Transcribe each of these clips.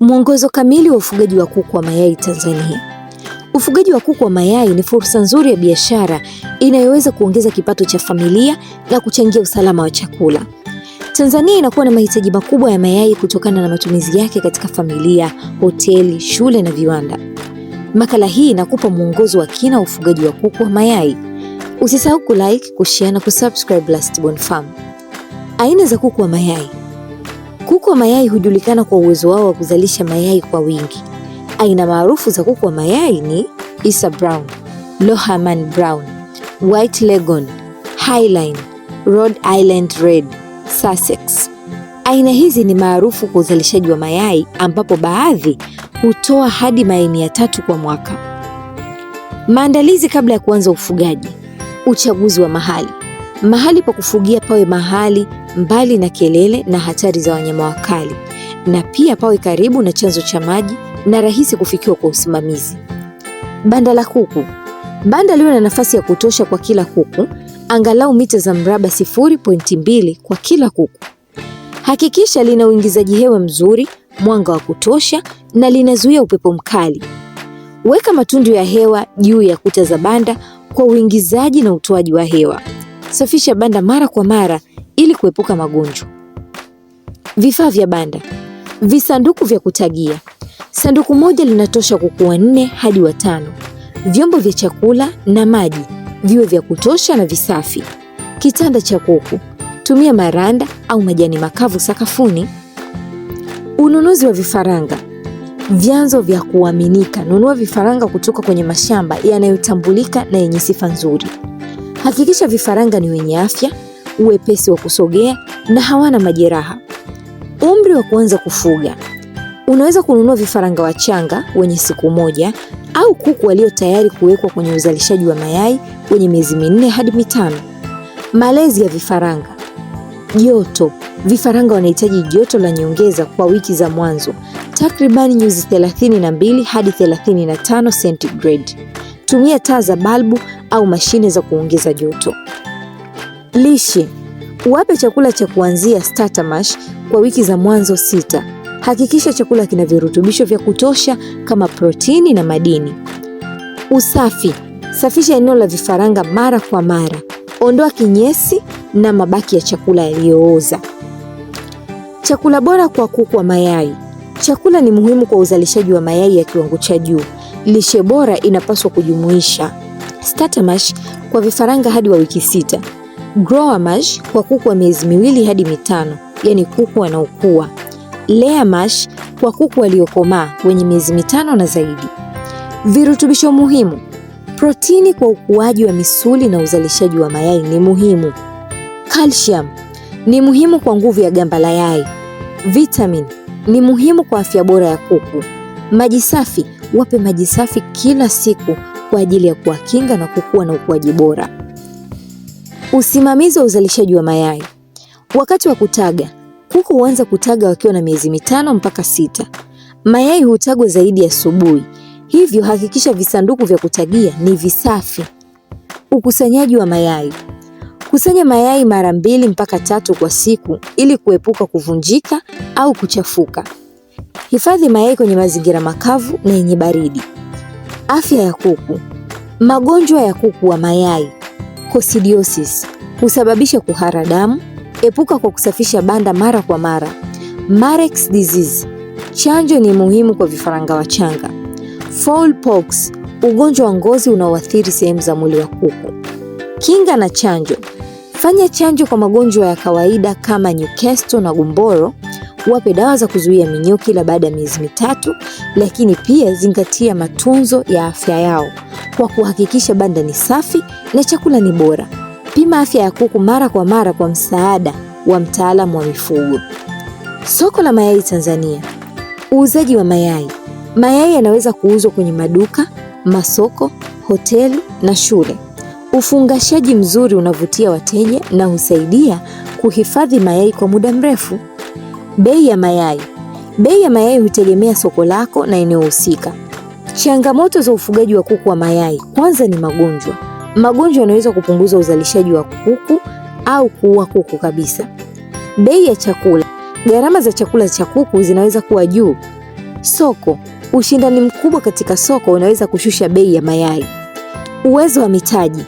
Mwongozo kamili wa ufugaji wa kuku wa mayai Tanzania. Ufugaji wa kuku wa mayai ni fursa nzuri ya biashara inayoweza kuongeza kipato cha familia na kuchangia usalama wa chakula. Tanzania inakuwa na mahitaji makubwa ya mayai kutokana na matumizi yake katika familia, hoteli, shule na viwanda. Makala hii inakupa mwongozo wa kina wa ufugaji wa kuku wa mayai. Usisahau kulike, kushare na kusubscribe Lastborn Farm. Aina za kuku wa mayai. Kuku wa mayai hujulikana kwa uwezo wao wa kuzalisha mayai kwa wingi. Aina maarufu za kuku wa mayai ni Isa Brown, Lohaman Brown, White Leghorn, Highline, Rhode Island Red, Sussex. Aina hizi ni maarufu kwa uzalishaji wa mayai ambapo baadhi hutoa hadi mayai mia tatu kwa mwaka. Maandalizi kabla ya kuanza ufugaji: uchaguzi wa mahali. Mahali pa kufugia pawe mahali mbali na kelele na hatari za wanyama wakali, na pia pawe karibu na chanzo cha maji na rahisi kufikiwa kwa usimamizi. Banda la kuku. Banda liwe na nafasi ya kutosha kwa kila kuku, angalau mita za mraba 0.2 kwa kila kuku. Hakikisha lina uingizaji hewa mzuri, mwanga wa kutosha na linazuia upepo mkali. Weka matundu ya hewa juu ya kuta za banda kwa uingizaji na utoaji wa hewa. Safisha banda mara kwa mara ili kuepuka magonjwa. Vifaa vya banda: visanduku vya kutagia, sanduku moja linatosha kuku wanne hadi watano. Vyombo vya chakula na maji viwe vya kutosha na visafi. Kitanda cha kuku: tumia maranda au majani makavu sakafuni. Ununuzi wa vifaranga vyanzo vya kuaminika. Nunua vifaranga kutoka kwenye mashamba yanayotambulika na yenye sifa nzuri. Hakikisha vifaranga ni wenye afya, uwepesi wa kusogea na hawana majeraha. Umri wa kuanza kufuga: unaweza kununua vifaranga wachanga wenye siku moja au kuku walio tayari kuwekwa kwenye uzalishaji wa mayai wenye miezi minne hadi mitano. Malezi ya vifaranga: joto Vifaranga wanahitaji joto la nyongeza kwa wiki za mwanzo, takribani nyuzi 32 hadi 35 centigrade. Tumia taa za balbu au mashine za kuongeza joto. Lishe: wape chakula cha kuanzia starter mash kwa wiki za mwanzo sita. Hakikisha chakula kina virutubisho vya kutosha kama protini na madini. Usafi: safisha eneo la vifaranga mara kwa mara. Ondoa kinyesi na mabaki ya chakula yaliyooza. Chakula bora kwa kuku wa mayai: chakula ni muhimu kwa uzalishaji wa mayai ya kiwango cha juu. Lishe bora inapaswa kujumuisha starter mash kwa vifaranga hadi wa wiki sita. Grower mash kwa kuku wa miezi miwili hadi mitano, yani kuku wanaokua. Layer mash kwa kuku waliokomaa wenye miezi mitano na zaidi. Virutubisho muhimu: protini kwa ukuaji wa misuli na uzalishaji wa mayai ni muhimu. Calcium ni muhimu kwa nguvu ya gamba la yai. Vitamin ni muhimu kwa afya bora ya kuku. Maji safi: wape maji safi kila siku kwa ajili ya kuwakinga na kukua na ukuaji bora. Usimamizi wa uzalishaji wa mayai. Wakati wa kutaga, kuku huanza kutaga wakiwa na miezi mitano mpaka sita. Mayai hutagwa zaidi asubuhi, hivyo hakikisha visanduku vya kutagia ni visafi. Ukusanyaji wa mayai. Kusanya mayai mara mbili mpaka tatu kwa siku ili kuepuka kuvunjika au kuchafuka. Hifadhi mayai kwenye mazingira makavu na yenye baridi. Afya ya kuku. Magonjwa ya kuku wa mayai. Kosidiosis husababisha kuhara damu. Epuka kwa kusafisha banda mara kwa mara. Marex disease, chanjo ni muhimu kwa vifaranga wachanga. pox, ugonjwa wa ngozi unaoathiri sehemu za mwili wa kuku. Kinga na chanjo. Fanya chanjo kwa magonjwa ya kawaida kama Newcastle na gumboro wape dawa za kuzuia minyoo kila baada ya miezi mitatu, lakini pia zingatia matunzo ya afya yao kwa kuhakikisha banda ni safi na chakula ni bora. Pima afya ya kuku mara kwa mara kwa msaada wa mtaalamu wa mifugo. Soko la mayai Tanzania. Uuzaji wa mayai. Mayai yanaweza kuuzwa kwenye maduka, masoko, hoteli na shule. Ufungashaji mzuri unavutia wateja na husaidia kuhifadhi mayai kwa muda mrefu. Bei ya mayai. Bei ya mayai hutegemea soko lako na eneo husika. Changamoto za ufugaji wa kuku wa mayai, kwanza ni magonjwa. Magonjwa yanaweza kupunguza uzalishaji wa kuku au kuua kuku kabisa. Bei ya chakula. Gharama za chakula cha kuku zinaweza kuwa juu. Soko. Ushindani mkubwa katika soko unaweza kushusha bei ya mayai. Uwezo wa mitaji.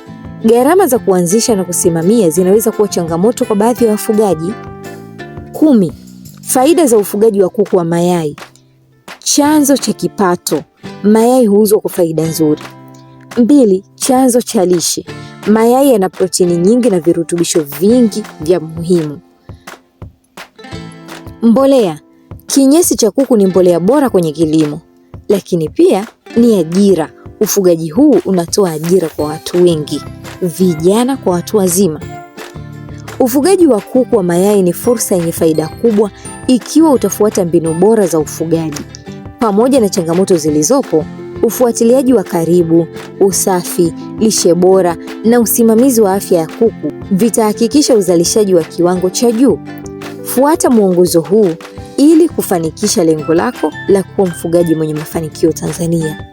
Gharama za kuanzisha na kusimamia zinaweza kuwa changamoto kwa baadhi ya wafugaji. Kumi. Faida za ufugaji wa kuku wa mayai. Chanzo cha kipato, mayai huuzwa kwa faida nzuri. Mbili, chanzo cha lishe, mayai yana protini nyingi na virutubisho vingi vya muhimu. Mbolea, kinyesi cha kuku ni mbolea bora kwenye kilimo, lakini pia ni ajira. Ufugaji huu unatoa ajira kwa watu wengi, vijana kwa watu wazima. Ufugaji wa kuku wa mayai ni fursa yenye faida kubwa ikiwa utafuata mbinu bora za ufugaji pamoja na changamoto zilizopo, ufuatiliaji wa karibu, usafi, lishe bora na usimamizi wa afya ya kuku vitahakikisha uzalishaji wa kiwango cha juu. Fuata mwongozo huu ili kufanikisha lengo lako la kuwa mfugaji mwenye mafanikio Tanzania.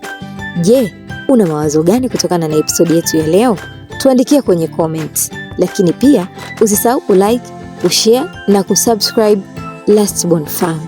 Je, una mawazo gani kutokana na episodi yetu ya leo? Tuandikia kwenye comments, lakini pia usisahau kulike, kushare na kusubscribe Let's Bonfire.